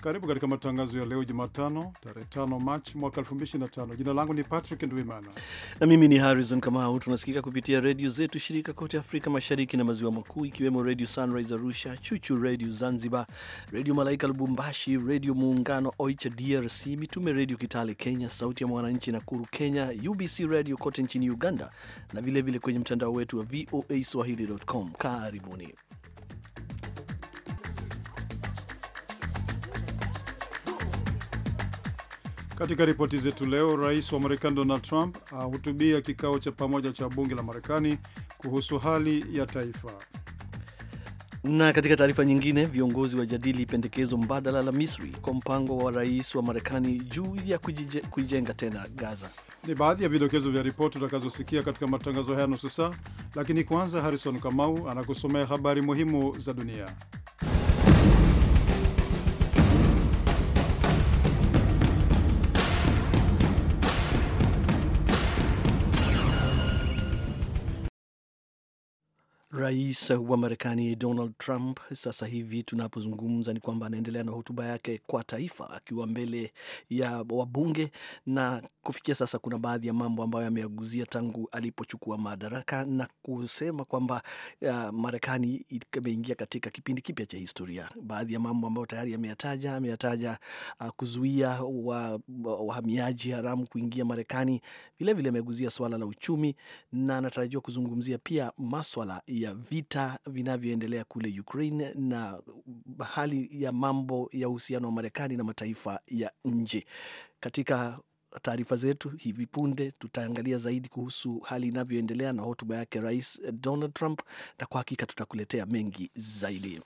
Karibu katika matangazo ya leo Jumatano, tarehe 5 Machi mwaka 2025. Jina langu ni Patrick Ndwimana na mimi ni Harrison Kamau. Tunasikika kupitia redio zetu shirika kote Afrika Mashariki na Maziwa Makuu, ikiwemo Redio Sunrise Arusha, Chuchu Redio Zanzibar, Redio Malaika Lubumbashi, Redio Muungano Oicha DRC, Mitume Redio Kitale Kenya, Sauti ya Mwananchi Nakuru Kenya, UBC Redio kote nchini Uganda na vilevile kwenye mtandao wetu wa VOA Swahili.com. Karibuni. Katika ripoti zetu leo, rais wa Marekani Donald Trump ahutubia kikao cha pamoja cha bunge la Marekani kuhusu hali ya taifa. Na katika taarifa nyingine, viongozi wajadili pendekezo mbadala la Misri kwa mpango wa rais wa Marekani juu ya kuijenga tena Gaza. Ni baadhi ya vidokezo vya ripoti utakazosikia katika matangazo haya nusu saa, lakini kwanza, Harrison Kamau anakusomea habari muhimu za dunia. Rais wa Marekani Donald Trump sasa hivi tunapozungumza ni kwamba anaendelea na hotuba yake kwa taifa akiwa mbele ya wabunge, na kufikia sasa kuna baadhi ya mambo ambayo ameaguzia tangu alipochukua madaraka na kusema kwamba Marekani imeingia katika kipindi kipya cha historia. Baadhi ya mambo ambayo tayari ameyataja, ameyataja uh, kuzuia wahamiaji wa, wa haramu kuingia Marekani. Vilevile ameguzia suala la uchumi na anatarajiwa kuzungumzia pia maswala ya ya vita vinavyoendelea kule Ukraine na hali ya mambo ya uhusiano wa Marekani na mataifa ya nje. Katika taarifa zetu hivi punde tutaangalia zaidi kuhusu hali inavyoendelea na hotuba yake Rais Donald Trump, na kwa hakika tutakuletea mengi zaidi.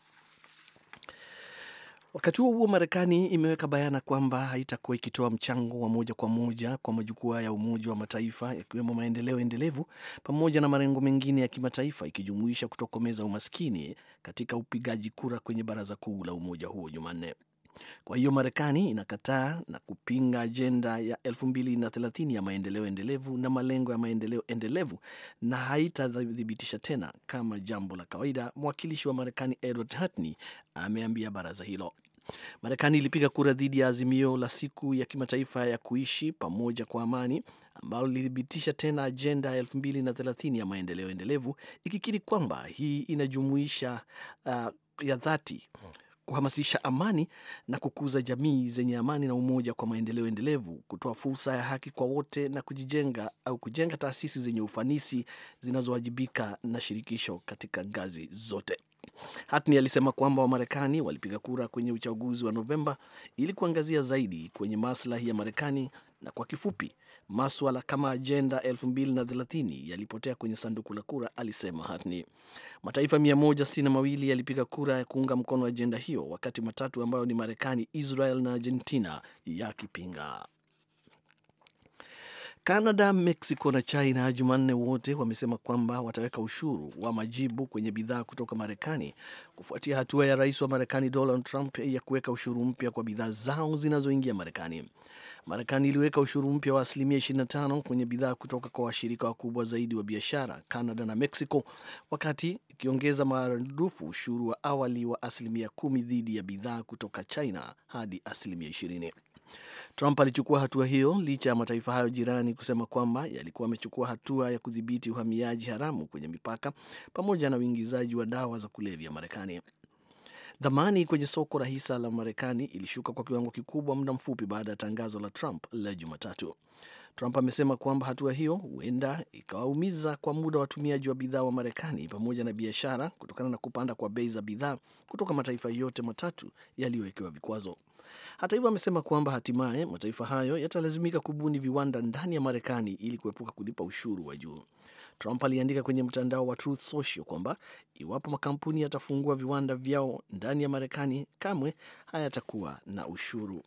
Wakati huo huo, Marekani imeweka bayana kwamba haitakuwa ikitoa mchango wa moja kwa moja kwa majukwaa ya Umoja wa Mataifa yakiwemo maendeleo endelevu pamoja na malengo mengine ya kimataifa ikijumuisha kutokomeza umaskini katika upigaji kura kwenye baraza kuu la umoja huo Jumanne. Kwa hiyo Marekani inakataa na kupinga ajenda ya 2030 ya maendeleo endelevu na malengo ya maendeleo endelevu na haitathibitisha tena kama jambo la kawaida, mwakilishi wa Marekani Edward Hatney ameambia baraza hilo. Marekani ilipiga kura dhidi ya azimio la siku ya kimataifa ya kuishi pamoja kwa amani ambalo lilithibitisha tena ajenda ya 2030 ya maendeleo endelevu ikikiri kwamba hii inajumuisha uh, ya dhati kuhamasisha amani na kukuza jamii zenye amani na umoja kwa maendeleo endelevu, kutoa fursa ya haki kwa wote na kujijenga au kujenga taasisi zenye ufanisi zinazowajibika na shirikisho katika ngazi zote. Hatni alisema kwamba Wamarekani walipiga kura kwenye uchaguzi wa Novemba ili kuangazia zaidi kwenye maslahi ya Marekani, na kwa kifupi maswala kama ajenda 2030 yalipotea kwenye sanduku la kura, alisema Hatni. Mataifa 162 yalipiga kura ya kuunga mkono ajenda hiyo, wakati matatu ambayo ni Marekani, Israel na Argentina yakipinga. Canada, Mexico na China Jumanne wote wamesema kwamba wataweka ushuru wa majibu kwenye bidhaa kutoka Marekani kufuatia hatua ya rais wa Marekani Donald Trump ya kuweka ushuru mpya kwa bidhaa zao zinazoingia Marekani. Marekani iliweka ushuru mpya wa asilimia 25 kwenye bidhaa kutoka kwa washirika wakubwa zaidi wa biashara Canada na Mexico, wakati ikiongeza maradufu ushuru wa awali wa asilimia kumi dhidi ya bidhaa kutoka China hadi asilimia 20. Trump alichukua hatua hiyo licha ya mataifa hayo jirani kusema kwamba yalikuwa amechukua hatua ya kudhibiti uhamiaji haramu kwenye mipaka pamoja na uingizaji wa dawa za kulevya Marekani. Dhamani kwenye soko la hisa la Marekani ilishuka kwa kiwango kikubwa muda mfupi baada ya tangazo la Trump la Jumatatu. Trump amesema kwamba hatua hiyo huenda ikawaumiza kwa muda watumiaji wa bidhaa wa Marekani pamoja na biashara kutokana na kupanda kwa bei za bidhaa kutoka mataifa yote matatu yaliyowekewa vikwazo. Hata hivyo, amesema kwamba hatimaye mataifa hayo yatalazimika kubuni viwanda ndani ya Marekani ili kuepuka kulipa ushuru wa juu. Trump aliandika kwenye mtandao wa Truth Social kwamba iwapo makampuni yatafungua viwanda vyao ndani ya Marekani, kamwe hayatakuwa na ushuru.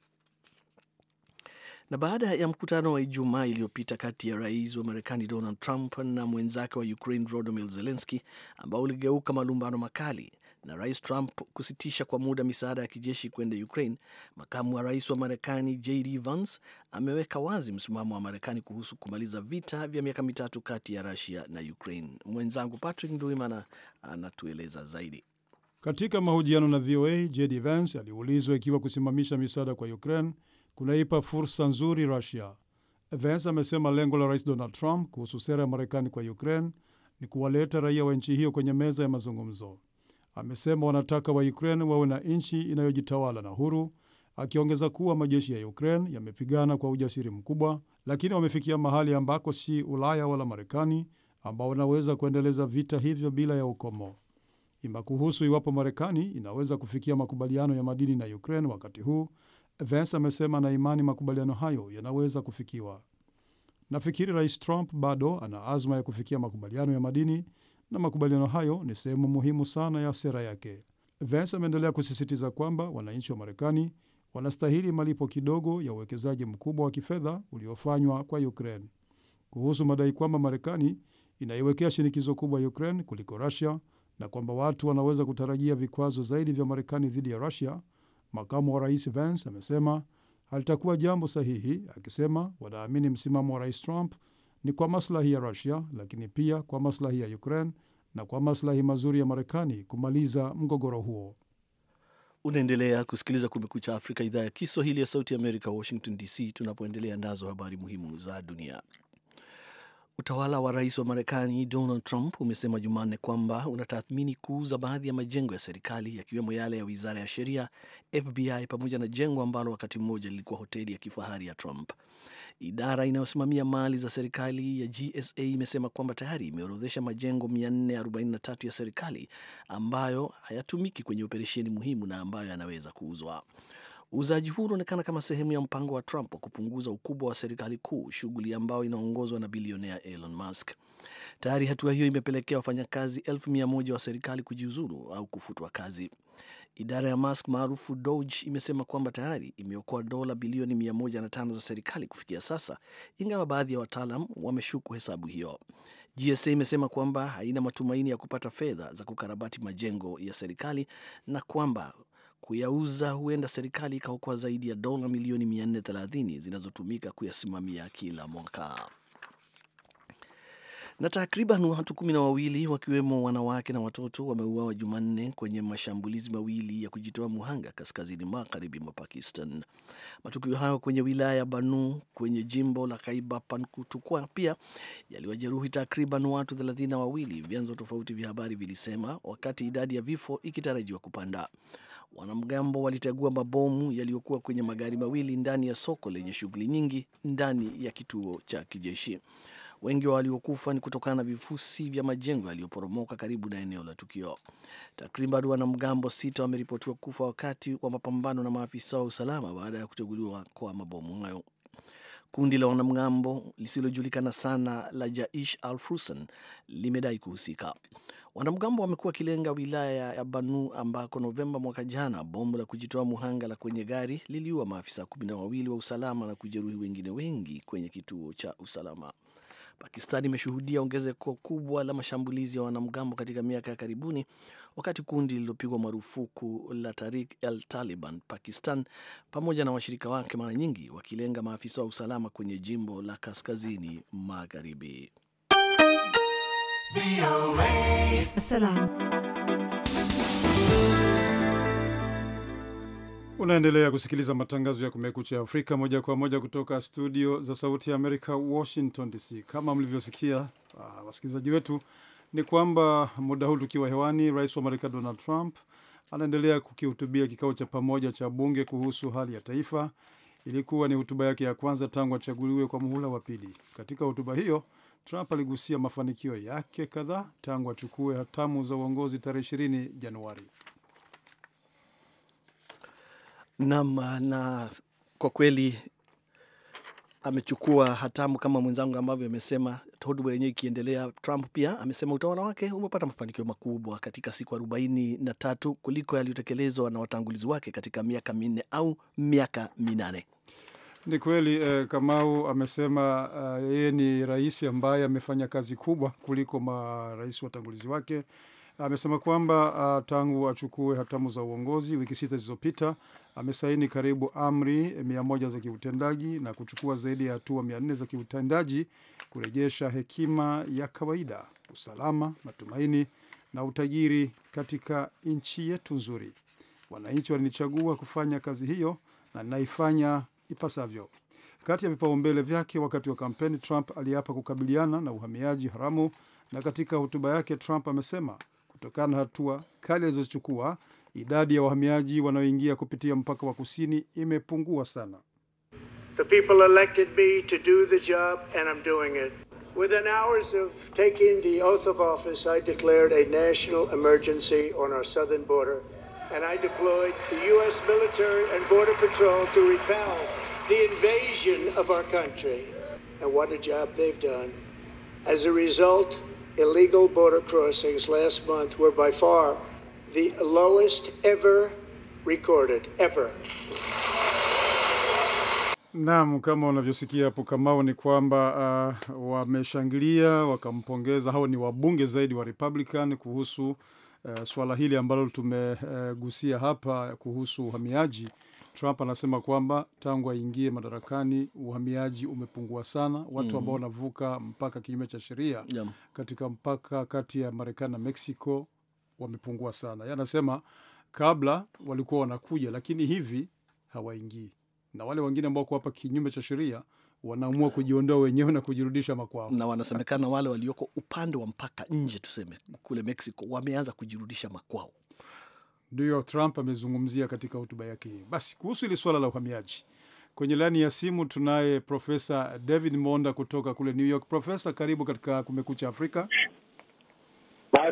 Na baada ya mkutano wa Ijumaa iliyopita kati ya rais wa Marekani Donald Trump na mwenzake wa Ukraine Volodymyr Zelensky ambao uligeuka malumbano makali, na Rais Trump kusitisha kwa muda misaada ya kijeshi kwenda Ukraine, makamu wa rais wa Marekani JD Vance ameweka wazi msimamo wa Marekani kuhusu kumaliza vita vya miaka mitatu kati ya Rusia na Ukraine. Mwenzangu Patrick Nduimana anatueleza zaidi. Katika mahojiano na VOA, JD Vance aliulizwa ikiwa kusimamisha misaada kwa Ukraine kunaipa fursa nzuri Rusia. Vance amesema lengo la Rais Donald Trump kuhusu sera ya Marekani kwa Ukraine ni kuwaleta raia wa nchi hiyo kwenye meza ya mazungumzo amesema wanataka wa Ukraine wawe na nchi inayojitawala na huru, akiongeza kuwa majeshi ya Ukraine yamepigana kwa ujasiri mkubwa, lakini wamefikia mahali ambako si Ulaya wala Marekani ambao wanaweza kuendeleza vita hivyo bila ya ukomo. Ima kuhusu iwapo Marekani inaweza kufikia makubaliano ya madini na Ukraine wakati huu, Vance amesema na imani makubaliano hayo yanaweza kufikiwa. Nafikiri Rais Trump bado ana azma ya kufikia makubaliano ya madini na makubaliano hayo ni sehemu muhimu sana ya sera yake. Vance ameendelea kusisitiza kwamba wananchi wa Marekani wanastahili malipo kidogo ya uwekezaji mkubwa wa kifedha uliofanywa kwa Ukraine. Kuhusu madai kwamba Marekani inaiwekea shinikizo kubwa Ukraine kuliko Rusia na kwamba watu wanaweza kutarajia vikwazo zaidi vya Marekani dhidi ya Rusia, makamu wa rais Vance amesema halitakuwa jambo sahihi, akisema wanaamini msimamo wa rais Trump ni kwa maslahi ya Rusia, lakini pia kwa maslahi ya Ukraine na kwa maslahi mazuri ya Marekani kumaliza mgogoro huo. Unaendelea kusikiliza Kumekucha Afrika, idhaa ya Kiswahili ya Sauti Amerika, Washington DC, tunapoendelea nazo habari muhimu za dunia. Utawala wa rais wa Marekani Donald Trump umesema Jumanne kwamba unatathmini kuuza baadhi ya majengo ya serikali yakiwemo yale ya wizara ya sheria, FBI pamoja na jengo ambalo wakati mmoja lilikuwa hoteli ya kifahari ya Trump. Idara inayosimamia mali za serikali ya GSA imesema kwamba tayari imeorodhesha majengo 443 ya serikali ambayo hayatumiki kwenye operesheni muhimu na ambayo yanaweza kuuzwa. Uuzaji huu unaonekana kama sehemu ya mpango wa Trump wa kupunguza ukubwa wa serikali kuu, shughuli ambayo inaongozwa na bilionea Elon Musk. Tayari hatua hiyo imepelekea wafanyakazi elfu mia moja wa serikali kujiuzuru au kufutwa kazi. Idara ya Musk maarufu Doge imesema kwamba tayari imeokoa dola bilioni 105 za serikali kufikia sasa, ingawa baadhi ya wataalam wameshuku hesabu hiyo. GSA imesema kwamba haina matumaini ya kupata fedha za kukarabati majengo ya serikali na kwamba kuyauza huenda serikali ikaokoa zaidi ya dola milioni 430 zinazotumika kuyasimamia kila mwaka. Na takriban watu kumi na wawili wakiwemo wanawake na watoto wameuawa Jumanne kwenye mashambulizi mawili ya kujitoa muhanga kaskazini magharibi mwa Pakistan. Matukio hayo kwenye wilaya ya Banu kwenye jimbo la kaiba pankutukwa pia yaliwajeruhi takriban watu thelathini na wawili, vyanzo tofauti vya habari vilisema, wakati idadi ya vifo ikitarajiwa kupanda. Wanamgambo walitegua mabomu yaliyokuwa kwenye magari mawili ndani ya soko lenye shughuli nyingi ndani ya kituo cha kijeshi. Wengi wa waliokufa ni kutokana na vifusi vya majengo yaliyoporomoka karibu na eneo la tukio. Takriban wanamgambo sita wameripotiwa kufa wakati wa mapambano na maafisa wa usalama baada ya kuteguliwa kwa mabomu hayo. Kundi la wanamgambo lisilojulikana sana la Jaish al Fusen limedai kuhusika. Wanamgambo wamekuwa wakilenga wilaya ya Banu ambako Novemba mwaka jana bomu la kujitoa muhanga la kwenye gari liliua maafisa kumi na wawili wa usalama na kujeruhi wengine wengi kwenye kituo cha usalama. Pakistan imeshuhudia ongezeko kubwa la mashambulizi ya wanamgambo katika miaka ya karibuni, wakati kundi lililopigwa marufuku la Tarik al Taliban Pakistan pamoja na washirika wake mara nyingi wakilenga maafisa wa usalama kwenye jimbo la kaskazini magharibi. Salam. Unaendelea kusikiliza matangazo ya Kumekucha Afrika moja kwa moja kutoka studio za Sauti ya Amerika, Washington DC. Kama mlivyosikia, uh, wasikilizaji wetu, ni kwamba muda huu tukiwa hewani, rais wa Marekani Donald Trump anaendelea kukihutubia kikao cha pamoja cha bunge kuhusu hali ya taifa. Ilikuwa ni hotuba yake ya kwanza tangu achaguliwe kwa muhula wa pili. Katika hotuba hiyo, Trump aligusia mafanikio yake kadhaa tangu achukue hatamu za uongozi tarehe 20 Januari nam na kwa kweli amechukua hatamu kama mwenzangu ambavyo amesema, hotuba yenyewe ikiendelea, Trump pia amesema utawala wake umepata mafanikio makubwa katika siku arobaini na tatu kuliko yaliyotekelezwa na watangulizi wake katika miaka minne au miaka minane. Ni kweli eh, Kamau amesema eh, yeye, uh, ni rais ambaye amefanya kazi kubwa kuliko marais watangulizi wake. Amesema kwamba uh, tangu achukue hatamu za uongozi wiki sita zilizopita amesaini karibu amri 100 za kiutendaji na kuchukua zaidi ya hatua 400 za kiutendaji kurejesha hekima ya kawaida, usalama, matumaini na utajiri katika nchi yetu nzuri. Wananchi walinichagua kufanya kazi hiyo na naifanya ipasavyo. Kati ya vipaumbele vyake wakati wa kampeni, Trump aliapa kukabiliana na uhamiaji haramu, na katika hotuba yake Trump amesema kutokana na hatua kali alizochukua The people elected me to do the job and I'm doing it. Within hours of taking the oath of office, I declared a national emergency on our southern border and I deployed the US military and border patrol to repel the invasion of our country. And what a job they've done. As a result, illegal border crossings last month were by far the lowest ever recorded ever. Naam, kama unavyosikia hapo Kamau ni kwamba uh, wameshangilia wakampongeza. Hao ni wabunge zaidi wa Republican kuhusu uh, swala hili ambalo tumegusia uh, hapa kuhusu uhamiaji. Trump anasema kwamba tangu aingie madarakani uhamiaji umepungua sana, watu mhm. ambao wanavuka mpaka kinyume cha sheria yeah, katika mpaka kati ya Marekani na Mexico wamepungua sana. Yanasema kabla walikuwa wanakuja, lakini hivi hawaingii, na wale wengine ambao wako hapa kinyume cha sheria wanaamua kujiondoa wenyewe na kujirudisha makwao, na wanasemekana wale walioko upande wa mpaka nje, tuseme kule Mexico, wameanza kujirudisha makwao. Ndiyo Trump amezungumzia katika hotuba yake hii. Basi kuhusu hili suala la uhamiaji, kwenye laini ya simu tunaye Profesa David Monda kutoka kule New York. Profesa, karibu katika Kumekucha Afrika.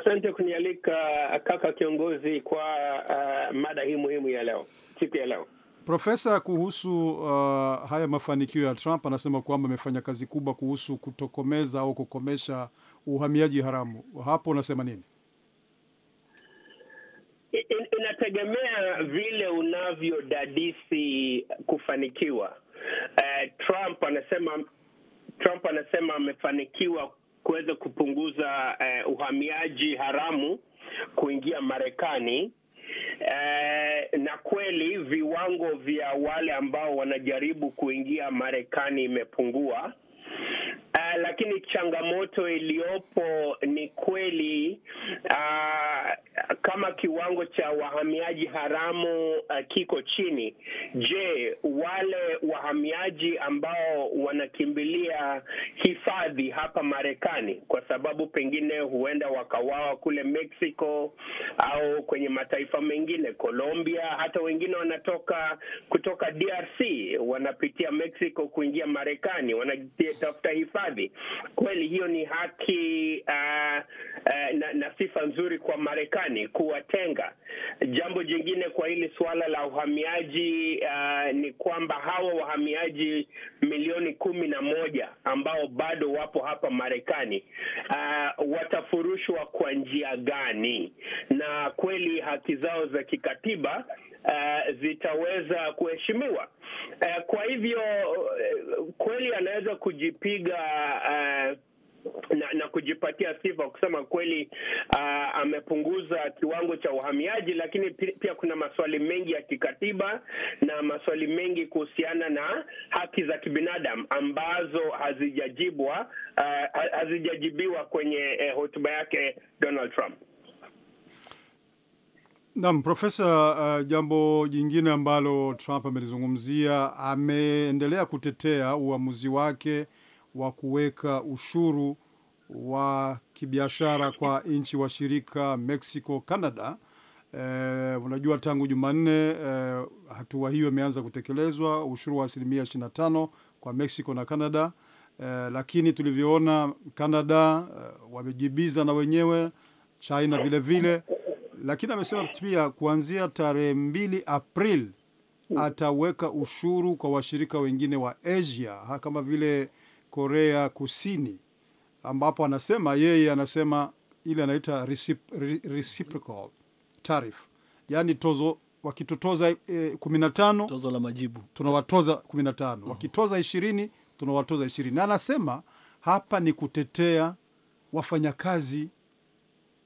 Asante kunialika uh, kaka kiongozi kwa uh, mada hii muhimu ya leo, siku ya leo. Profesa, kuhusu uh, haya mafanikio ya Trump, anasema kwamba amefanya kazi kubwa kuhusu kutokomeza au kukomesha uhamiaji haramu. Hapo unasema nini? In, inategemea vile unavyodadisi kufanikiwa. Uh, Trump anasema Trump anasema amefanikiwa kuweza kupunguza eh, uhamiaji haramu kuingia Marekani. Eh, na kweli viwango vya wale ambao wanajaribu kuingia Marekani imepungua Uh, lakini changamoto iliyopo ni kweli, uh, kama kiwango cha wahamiaji haramu uh, kiko chini, je, wale wahamiaji ambao wanakimbilia hifadhi hapa Marekani kwa sababu pengine huenda wakawawa kule Mexico au kwenye mataifa mengine Colombia, hata wengine wanatoka kutoka DRC wanapitia Mexico kuingia Marekani, wanatafuta hifadhi hifadhi. Kweli hiyo ni haki uh, uh, na, na sifa nzuri kwa Marekani kuwatenga. Jambo jingine kwa hili suala la uhamiaji uh, ni kwamba hawa wahamiaji milioni kumi na moja ambao bado wapo hapa Marekani uh, watafurushwa kwa njia gani? Na kweli haki zao za kikatiba uh, zitaweza kuheshimiwa. Uh, kwa hivyo uh, kweli anaweza kujipiga uh, na, na kujipatia sifa kusema kweli, uh, amepunguza kiwango cha uhamiaji, lakini pia kuna maswali mengi ya kikatiba na maswali mengi kuhusiana na haki za kibinadamu ambazo hazijajibwa, uh, hazijajibiwa kwenye eh, hotuba yake Donald Trump nam Profesa, uh, jambo jingine ambalo Trump amelizungumzia, ameendelea kutetea uamuzi wake wa kuweka ushuru wa kibiashara kwa nchi washirika Mexico, Canada. Eh, unajua tangu Jumanne eh, hatua hiyo imeanza kutekelezwa, ushuru wa asilimia 25 kwa Mexico na Canada. Eh, lakini tulivyoona Canada eh, wamejibiza na wenyewe China vilevile vile lakini amesema pia kuanzia tarehe mbili april hmm. ataweka ushuru kwa washirika wengine wa Asia kama vile Korea Kusini, ambapo anasema yeye anasema ile anaita reciprocal tariff, yaani tozo wakitutoza e, kumi 15 tozo la majibu tunawatoza 15 hmm. wakitoza ishirini tunawatoza ishirini na anasema hapa ni kutetea wafanyakazi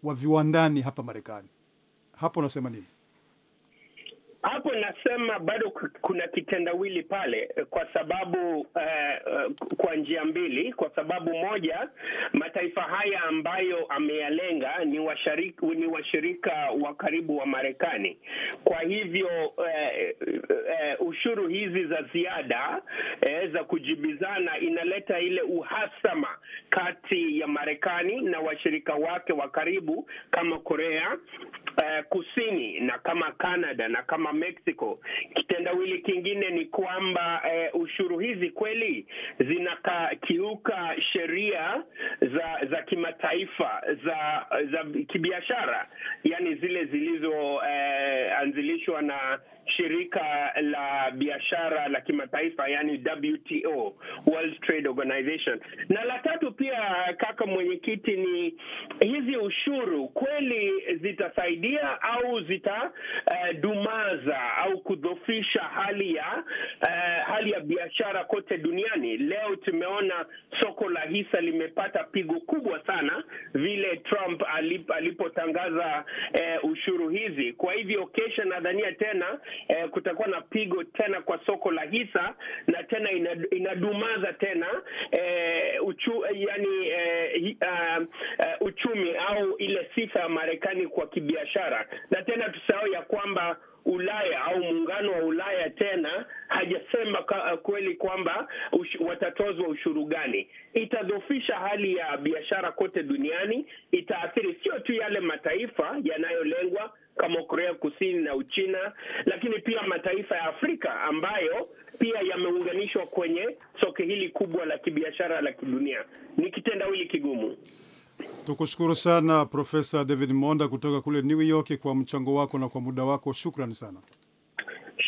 wa viwandani hapa Marekani hapo unasema nini? Hapo nasema bado kuna kitendawili pale, eh, kwa sababu uh, kwa njia mbili. Kwa sababu moja, mataifa haya ambayo ameyalenga ni washirika, ni washirika wa karibu wa Marekani. Kwa hivyo uh, uh, ushuru hizi za ziada uh, za kujibizana inaleta ile uhasama kati ya Marekani na washirika wake wa karibu kama Korea, uh, kusini na kama Canada na kama Mexico. Kitendawili kingine ni kwamba uh, ushuru hizi kweli zinakiuka sheria za za kimataifa za za kibiashara, yani zile zilizoanzilishwa eh, uh, na shirika la biashara la kimataifa yani WTO, World Trade Organization. Na la tatu pia, kaka mwenyekiti, ni hizi ushuru kweli zitasaidia au zitadumaza eh, uh, au kudhofisha hali ya uh, hali ya biashara kote duniani. Leo tumeona soko la hisa limepata pigo kubwa sana vile Trump alip, alipotangaza uh, ushuru hizi. Kwa hivyo kesho nadhania tena eh, kutakuwa na pigo tena kwa soko la hisa na tena inadumaza tena eh, uchu, eh, yani, eh, uh, uh, uchumi au ile sifa ya Marekani kwa kibiashara, na tena tusahau ya kwamba Ulaya au muungano wa Ulaya tena hajasema eh, kweli kwamba ush, watatozwa ushuru gani. Itadhofisha hali ya biashara kote duniani, itaathiri sio tu yale mataifa yanayolengwa kama Korea Kusini na Uchina, lakini pia mataifa ya Afrika ambayo pia yameunganishwa kwenye soko hili kubwa la kibiashara la kidunia. Ni kitendawili kigumu. Tukushukuru sana Profesa David Monda kutoka kule New York kwa mchango wako na kwa muda wako. Shukrani sana.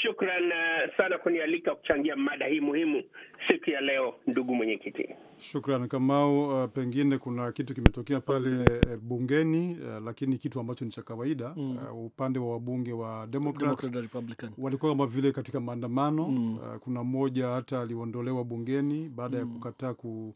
Shukran eh, sana kunialika kuchangia mada hii muhimu siku ya leo, ndugu mwenyekiti. Shukran Kamau. Uh, pengine kuna kitu kimetokea pale uh, bungeni uh, lakini kitu ambacho ni cha kawaida mm. Uh, upande wa wabunge wa Democrat, Democrat walikuwa kama vile katika maandamano mm. Uh, kuna mmoja hata aliondolewa bungeni baada mm. ya kukataa ku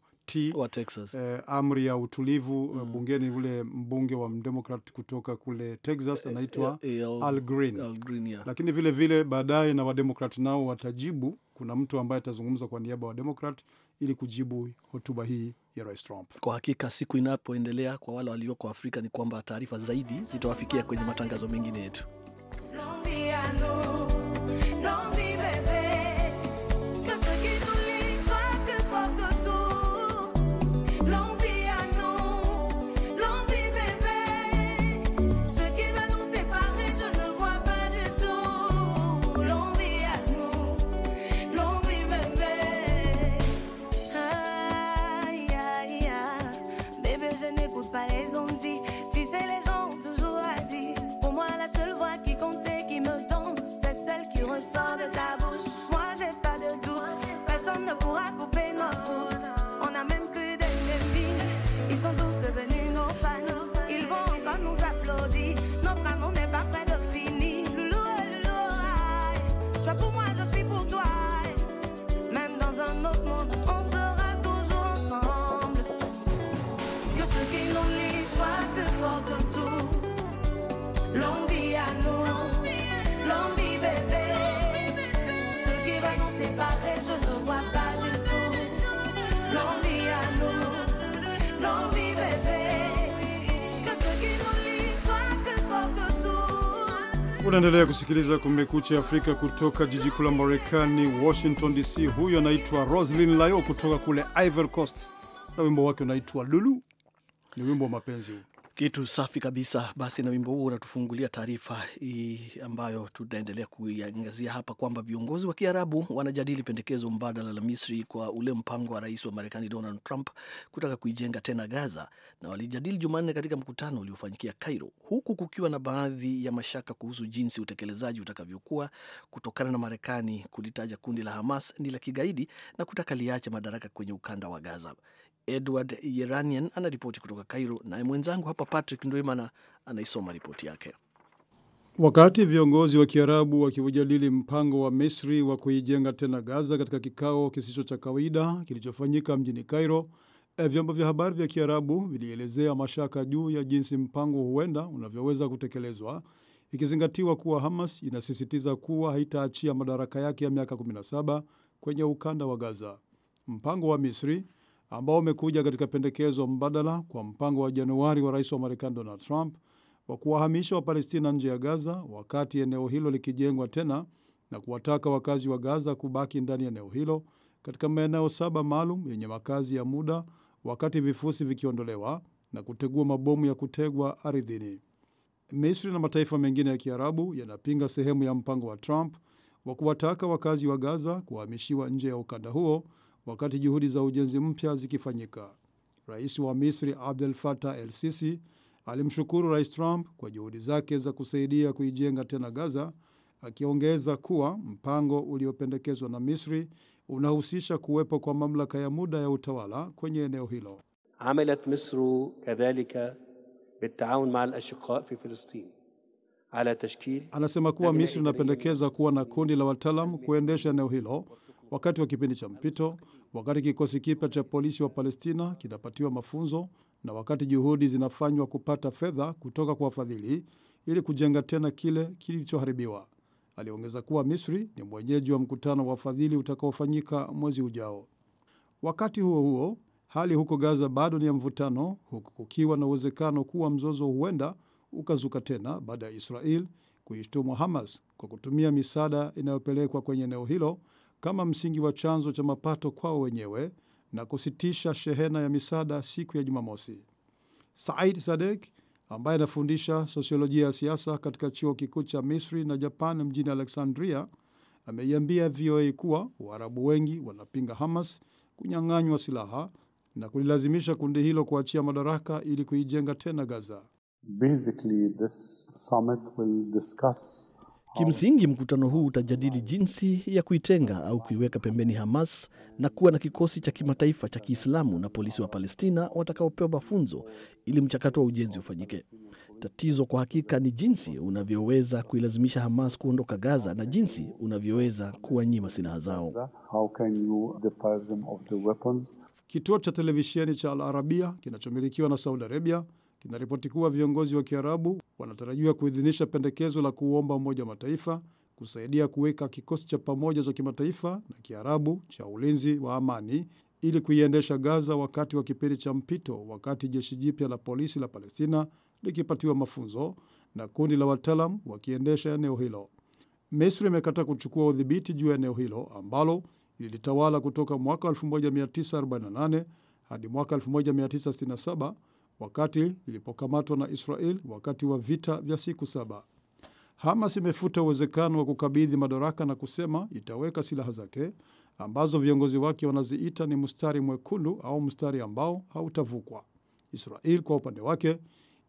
wa Texas. Eh, amri ya utulivu eh, mm. bungeni. Ule mbunge wa mdemokrat kutoka kule Texas eh, anaitwa e, Al Green, Al Green yeah. Lakini vile vile baadaye na wademokrat nao watajibu. Kuna mtu ambaye atazungumza kwa niaba ya wademokrat ili kujibu hotuba hii ya Rais Trump. Kwa hakika siku inapoendelea, kwa wale walioko Afrika ni kwamba taarifa zaidi zitawafikia kwenye matangazo mengine yetu. Unaendelea kusikiliza Kumekucha Afrika kutoka jiji kuu la Marekani, Washington DC. Huyo anaitwa Roslyn Layo kutoka kule ivercost na wimbo wake unaitwa Lulu. Ni wimbo wa mapenzi huu. Kitu safi kabisa. Basi na wimbo huo unatufungulia taarifa ambayo tutaendelea kuiangazia hapa kwamba viongozi wa Kiarabu wanajadili pendekezo mbadala la Misri kwa ule mpango wa rais wa Marekani Donald Trump kutaka kuijenga tena Gaza, na walijadili Jumanne katika mkutano uliofanyikia Cairo, huku kukiwa na baadhi ya mashaka kuhusu jinsi utekelezaji utakavyokuwa kutokana na Marekani kulitaja kundi la Hamas ni la kigaidi na kutaka liache madaraka kwenye ukanda wa Gaza. Edward Yeranian anaripoti kutoka Cairo, naye mwenzangu hapa Patrick Ndwimana anaisoma ripoti yake. Wakati viongozi wa Kiarabu wakiujadili mpango wa Misri wa kuijenga tena Gaza katika kikao kisicho cha kawaida kilichofanyika mjini Cairo, eh, vyombo vya habari vya Kiarabu vilielezea mashaka juu ya jinsi mpango huenda unavyoweza kutekelezwa, ikizingatiwa kuwa Hamas inasisitiza kuwa haitaachia madaraka yake ya miaka 17 kwenye ukanda wa Gaza. Mpango wa Misri ambao umekuja katika pendekezo mbadala kwa mpango wa Januari wa rais wa Marekani Donald Trump wa kuwahamisha Wapalestina nje ya Gaza wakati eneo hilo likijengwa tena na kuwataka wakazi wa Gaza kubaki ndani ya eneo hilo katika maeneo saba maalum yenye makazi ya muda wakati vifusi vikiondolewa na kutegua mabomu ya kutegwa ardhini. Misri na mataifa mengine ya Kiarabu yanapinga sehemu ya mpango wa Trump wa kuwataka wakazi wa Gaza kuwahamishiwa nje ya ukanda huo wakati juhudi za ujenzi mpya zikifanyika. Rais wa Misri Abdel Fattah El Sisi alimshukuru Rais Trump kwa juhudi zake za kusaidia kuijenga tena Gaza, akiongeza kuwa mpango uliopendekezwa na Misri unahusisha kuwepo kwa mamlaka ya muda ya utawala kwenye eneo hilo. amalat misru kadhalika bitaawun maa alashiqa fi filastin ala tashkil. Anasema kuwa Misri inapendekeza kuwa na kundi la wataalam kuendesha eneo hilo wakati wa kipindi cha mpito, wakati kikosi kipya cha polisi wa Palestina kinapatiwa mafunzo na wakati juhudi zinafanywa kupata fedha kutoka kwa wafadhili ili kujenga tena kile kilichoharibiwa. Aliongeza kuwa Misri ni mwenyeji wa mkutano wa wafadhili utakaofanyika mwezi ujao. Wakati huo huo, hali huko Gaza bado ni ya mvutano, huku kukiwa na uwezekano kuwa mzozo huenda ukazuka tena baada ya Israel kuishtumu Hamas kwa kutumia misaada inayopelekwa kwenye eneo hilo kama msingi wa chanzo cha mapato kwao wenyewe na kusitisha shehena ya misaada siku ya Jumamosi. Said Sadek ambaye anafundisha sosiolojia ya siasa katika chuo kikuu cha Misri na Japan mjini Alexandria ameiambia VOA kuwa Waarabu wengi wanapinga Hamas kunyang'anywa silaha na kulilazimisha kundi hilo kuachia madaraka ili kuijenga tena Gaza. Basically, this summit will discuss Kimsingi, mkutano huu utajadili jinsi ya kuitenga au kuiweka pembeni Hamas na kuwa na kikosi cha kimataifa cha Kiislamu na polisi wa Palestina watakaopewa mafunzo ili mchakato wa ujenzi ufanyike. Tatizo kwa hakika ni jinsi unavyoweza kuilazimisha Hamas kuondoka Gaza na jinsi unavyoweza kuwanyima silaha zao. Kituo cha televisheni cha Al Arabia kinachomilikiwa na Saudi Arabia kinaripoti kuwa viongozi wa Kiarabu wanatarajiwa kuidhinisha pendekezo la kuomba Umoja wa Mataifa kusaidia kuweka kikosi cha pamoja cha kimataifa na Kiarabu cha ulinzi wa amani ili kuiendesha Gaza wakati wa kipindi cha mpito, wakati jeshi jipya la polisi la Palestina likipatiwa mafunzo na kundi la wataalam wakiendesha eneo hilo. Misri imekataa kuchukua udhibiti juu ya eneo hilo ambalo lilitawala kutoka mwaka 1948 hadi mwaka 1967 wakati lilipokamatwa na Israel wakati wa vita vya siku saba. Hamas imefuta uwezekano wa kukabidhi madaraka na kusema itaweka silaha zake ambazo viongozi wake wanaziita ni mstari mwekundu au mstari ambao hautavukwa. Israel kwa upande wake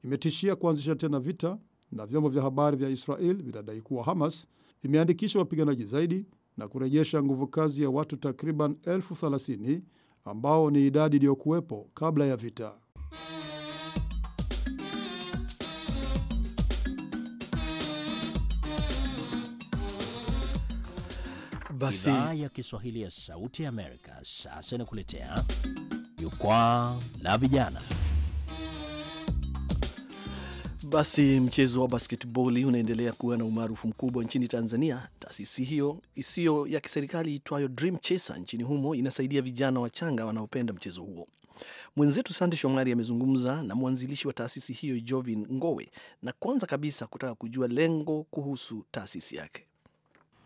imetishia kuanzisha tena vita, na vyombo vya habari vya Israel vinadai kuwa Hamas imeandikisha wapiganaji zaidi na kurejesha nguvu kazi ya watu takriban elfu thelathini ambao ni idadi iliyokuwepo kabla ya vita. Basi idhaa ya Kiswahili ya Sauti ya Amerika sasa inakuletea jukwaa la vijana. Basi mchezo wa basketboli unaendelea kuwa na umaarufu mkubwa nchini Tanzania. Taasisi hiyo isiyo ya kiserikali itwayo Dream Chaser nchini humo inasaidia vijana wachanga wanaopenda mchezo huo. Mwenzetu Sande Shomari amezungumza na mwanzilishi wa taasisi hiyo Jovin Ngowe, na kwanza kabisa kutaka kujua lengo kuhusu taasisi yake.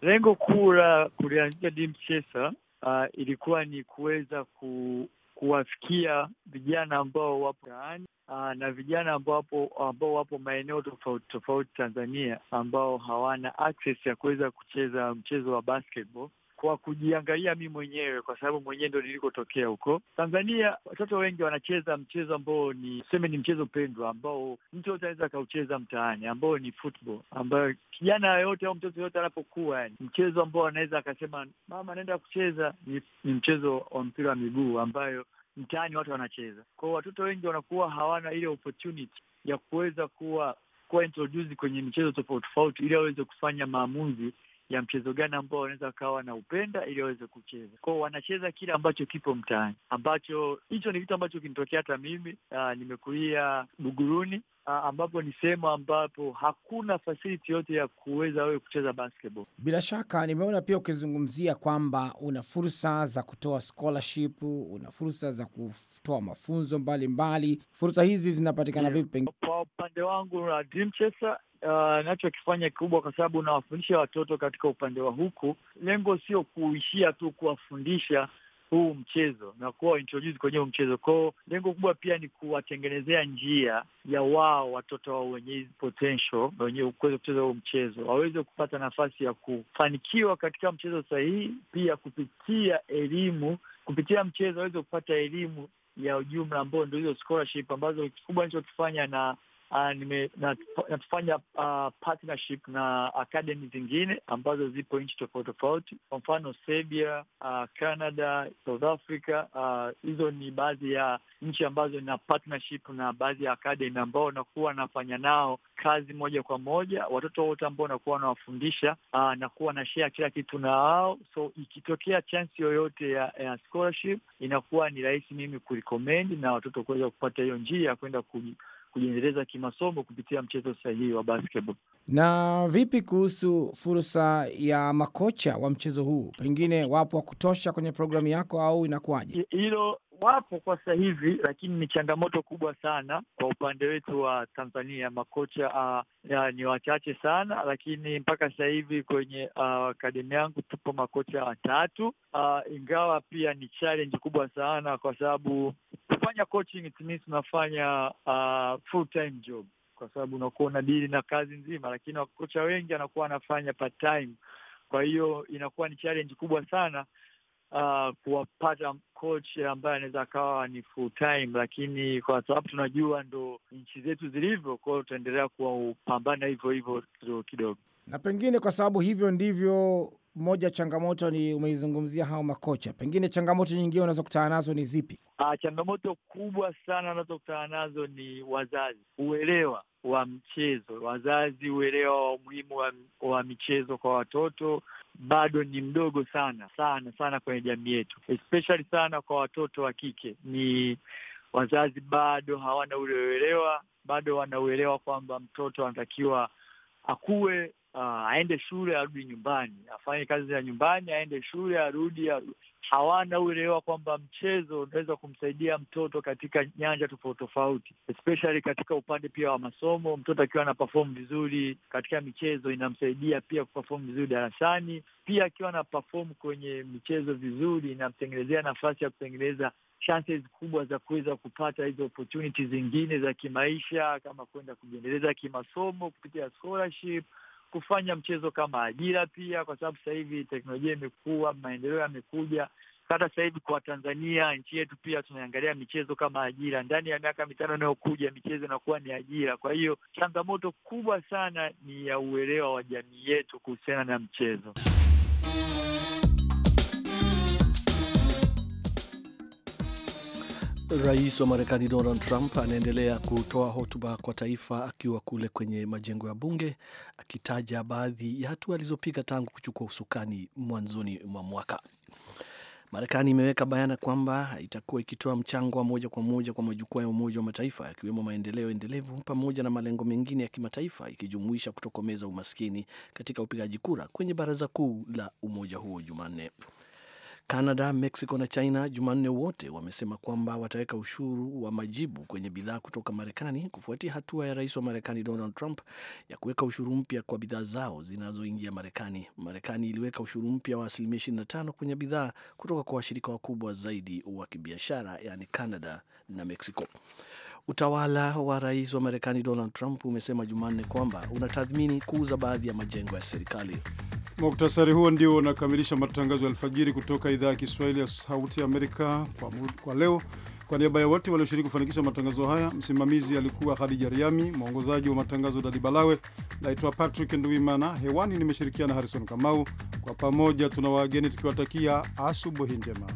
Lengo kuu la kulianzisha dimchesa uh, ilikuwa ni kuweza ku, kuwafikia vijana ambao wapo taani uh, na vijana ambao wapo, ambao wapo maeneo tofauti tofauti Tanzania ambao hawana access ya kuweza kucheza mchezo wa basketball kwa kujiangalia mi mwenyewe, kwa sababu mwenyewe ndo nilikotokea huko Tanzania. Watoto wengi wanacheza mchezo ambao ni seme, ni mchezo pendwa ambao mtu yote anaweza akaucheza mtaani, ambao ni football, ambayo kijana yoyote au mtoto yoyote anapokuwa, yani mchezo ambao anaweza akasema mama, naenda kucheza, ni, ni mchezo wa mpira wa miguu ambayo mtaani watu wanacheza. Kwa watoto wengi wanakuwa hawana ile opportunity ya kuweza kuwa kuwa kwenye michezo tofauti tofauti, ili aweze kufanya maamuzi ya mchezo gani ambao wanaweza wakawa wanaupenda ili waweze kucheza kwao. Wanacheza kile ambacho kipo mtaani, ambacho hicho ni kitu ambacho kinitokea hata mimi. Aa, ah, nimekulia Buguruni ah, ambapo ni sehemu ambapo hakuna fasiliti yote ya kuweza wewe kucheza basketball. Bila shaka nimeona pia ukizungumzia kwamba una fursa za kutoa scholarship, una fursa za kutoa mafunzo mbalimbali mbali. Fursa hizi zinapatikana yeah, vipi? Kwa upande wangu na Dream Chaser nachokifanya uh, kikubwa kwa sababu unawafundisha watoto katika upande wa huku, lengo sio kuishia tu kuwafundisha huu mchezo na kuwa introduce kwenye huu mchezo kwao. Lengo kubwa pia ni kuwatengenezea njia ya wao watoto wao wenye potential wenye kuweza kucheza huu mchezo waweze kupata nafasi ya kufanikiwa katika mchezo sahihi, pia kupitia elimu, kupitia mchezo waweze kupata elimu ya ujumla ambao ndio hizo scholarship ambazo kikubwa nichokifanya na Ah, na, natufanya uh, ah, partnership na academy zingine ambazo zipo nchi tofauti tofauti, kwa mfano Serbia, uh, Canada, South Africa. Hizo uh, ni baadhi ya nchi ambazo ina partnership na baadhi ya academy ambao wanakuwa wanafanya nao kazi moja kwa moja. Watoto wote ambao wanakuwa wanawafundisha uh, nakuwa na share kila kitu na wao, so ikitokea chansi yoyote ya, ya scholarship inakuwa ni rahisi mimi kurecommend na watoto kuweza kupata hiyo njia ya kwenda ku kujiendeleza kimasomo kupitia mchezo sahihi wa basketball. Na vipi kuhusu fursa ya makocha wa mchezo huu? Pengine wapo wa kutosha kwenye programu yako au inakuwaje? Hilo wapo kwa sasa hivi, lakini ni changamoto kubwa sana kwa upande wetu wa Tanzania. Makocha uh, ya, ni wachache sana, lakini mpaka sasa hivi kwenye akademi ah, yangu tupo makocha watatu uh, ingawa pia ni challenge kubwa sana kwa sababu kufanya coaching it means tunafanya uh, full time job kwa sababu unakuwa unadili na kazi nzima, lakini wakocha wengi anakuwa anafanya part time. Kwa hiyo inakuwa ni challenge kubwa sana uh, kuwapata coach ambaye anaweza akawa ni full time, lakini kwa sababu tunajua ndo nchi zetu zilivyo, kwa hiyo tutaendelea kupambana hivyo hivyo kidogo kidogo, na pengine kwa sababu hivyo ndivyo moja changamoto ni umeizungumzia hao makocha, pengine changamoto nyingine unazokutana nazo ni zipi? Ah, changamoto kubwa sana unazokutana nazo ni wazazi, uelewa wa mchezo. Wazazi uelewa wa umuhimu wa, wa michezo kwa watoto bado ni mdogo sana sana sana kwenye jamii yetu, especially sana kwa watoto wa kike. Ni wazazi bado hawana ule uelewa, bado wanauelewa kwamba mtoto anatakiwa akuwe uh, aende shule arudi nyumbani, afanye kazi za nyumbani, aende shule arudi, Hawana uelewa kwamba mchezo unaweza kumsaidia mtoto katika nyanja tofauti tofauti, especially katika upande pia wa masomo. Mtoto akiwa ana perform vizuri katika michezo inamsaidia pia kuperform vizuri darasani, pia akiwa ana perform kwenye michezo vizuri inamtengenezea nafasi ya kutengeneza chances kubwa za kuweza kupata hizo opportunities zingine za kimaisha, kama kwenda kujiendeleza kimasomo kupitia scholarship kufanya mchezo kama ajira pia, kwa sababu sasa hivi teknolojia imekuwa, maendeleo yamekuja. Hata sasa hivi kwa Tanzania nchi yetu pia tunaangalia michezo kama ajira. Ndani ya miaka mitano inayokuja michezo inakuwa ni ajira. Kwa hiyo changamoto kubwa sana ni ya uelewa wa jamii yetu kuhusiana na mchezo. Rais wa Marekani Donald Trump anaendelea kutoa hotuba kwa taifa akiwa kule kwenye majengo ya bunge akitaja baadhi ya hatua alizopiga tangu kuchukua usukani mwanzoni mwa mwaka. Marekani imeweka bayana kwamba itakuwa ikitoa mchango wa moja kwa moja kwa majukwaa ya Umoja wa Mataifa yakiwemo maendeleo endelevu pamoja na malengo mengine ya kimataifa ikijumuisha kutokomeza umaskini katika upigaji kura kwenye baraza kuu la umoja huo Jumanne. Canada, Mexico na China Jumanne wote wamesema kwamba wataweka ushuru wa majibu kwenye bidhaa kutoka Marekani kufuatia hatua ya rais wa Marekani Donald Trump ya kuweka ushuru mpya kwa bidhaa zao zinazoingia Marekani. Marekani iliweka ushuru mpya wa asilimia 25 kwenye bidhaa kutoka kwa washirika wakubwa zaidi wa kibiashara, yani Canada na Mexico. Utawala wa rais wa Marekani Donald Trump umesema Jumanne kwamba unatathmini kuuza baadhi ya majengo ya serikali. Muktasari huo ndio unakamilisha matangazo ya alfajiri kutoka idhaa ya Kiswahili ya Sauti ya Amerika kwa, kwa leo. Kwa niaba ya wote walioshiriki kufanikisha matangazo haya, msimamizi alikuwa Khadija Riami, mwongozaji wa matangazo Dadi Balawe. Naitwa Patrick Nduimana, hewani nimeshirikiana Harrison Kamau. Kwa pamoja tuna wageni tukiwatakia asubuhi njema.